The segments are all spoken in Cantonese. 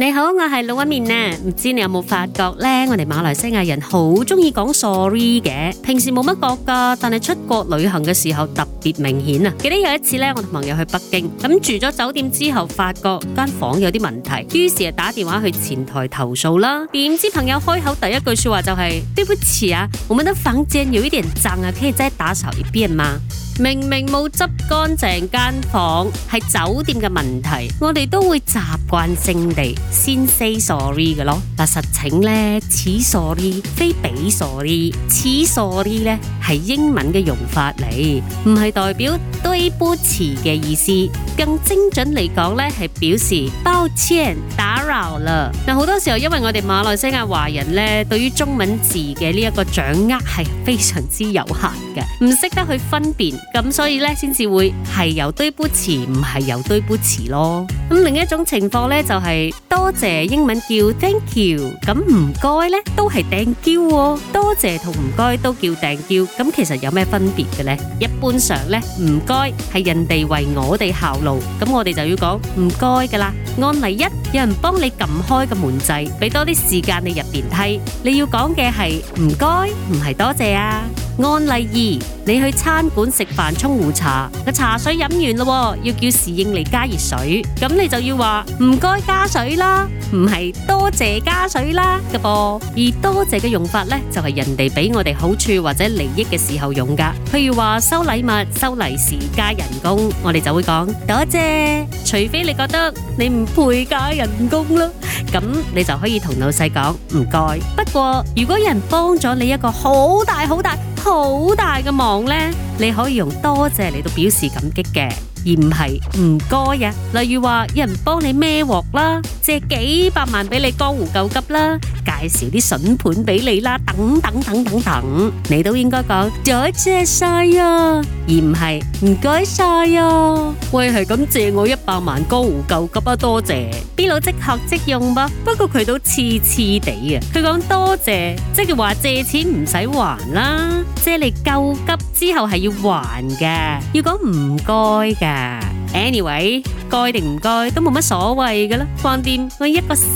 你好，我係老一面呢。唔知你有冇發覺呢？我哋馬來西亞人好中意講 sorry 嘅，平時冇乜覺㗎，但係出國旅行嘅時候特別明顯啊。記得有一次咧，我同朋友去北京咁、嗯、住咗酒店之後，發覺間房有啲問題，於是就打電話去前台投訴啦。點知朋友開口第一句說話就係、是、對不起啊，我們的房間有一點臟啊，可以再打掃一遍嗎？明明冇執乾淨間房係酒店嘅問題，我哋都會習慣性地先 say sorry 嘅咯。但實情咧，此 sorry 非彼 sorry，此 sorry 咧係英文嘅用法嚟，唔係代表對不起嘅意思。更精準嚟講咧，係表示抱歉打。啦，嗱，好多時候，因為我哋馬來西亞華人咧，對於中文字嘅呢一個掌握係非常之有限嘅，唔識得去分辨，咁所以咧，先至會係有堆杯詞，唔係有堆杯詞咯。咁另一種情況咧，就是，就係多謝英文叫 thank you，咁唔該咧，都係 thank you，多謝同唔該都叫 thank you，咁其實有咩分別嘅咧？一般上咧，唔該係人哋為我哋效勞，咁我哋就要講唔該噶啦。案例一，有人幫你撳開個門掣，俾多啲時間你入電梯。你要講嘅係唔該，唔係多謝啊。案例二，你去餐館食飯沖壺茶，個茶水飲完咯，要叫侍應嚟加熱水，咁你就要話唔該加水啦，唔係多謝加水啦嘅噃。而多謝嘅用法呢，就係、是、人哋俾我哋好處或者利益嘅時候用噶，譬如話收禮物、收利是、加人工，我哋就會講多謝，除非你覺得你唔配加人工咯。咁你就可以同老細講唔該。不過如果有人幫咗你一個好大好大好大嘅忙呢，你可以用多謝嚟到表示感激嘅，而唔係唔該呀。例如話有人幫你孭鑊啦。借幾百萬俾你江湖救急啦，介紹啲筍盤俾你啦，等等等等，等等，你都應該講多謝晒啊，而唔係唔該晒啊。喂係咁借我一百萬江湖救急啊，多謝，B 佬即學即用吧？不過佢都黐黐哋啊。佢講多謝，即係話借錢唔使還啦，借你救急之後係要還嘅，要講唔該噶。Anyway，該定唔該都冇乜所謂㗎啦，橫掂我一個仙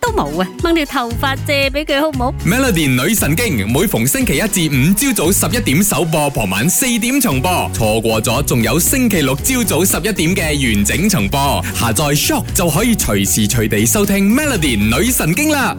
都冇啊，掹條頭髮借俾佢好唔好？Melody 女神經每逢星期一至五朝早十一點首播，傍晚四點重播，錯過咗仲有星期六朝早十一點嘅完整重播，下載 Shock 就可以隨時隨地收聽 Melody 女神經啦。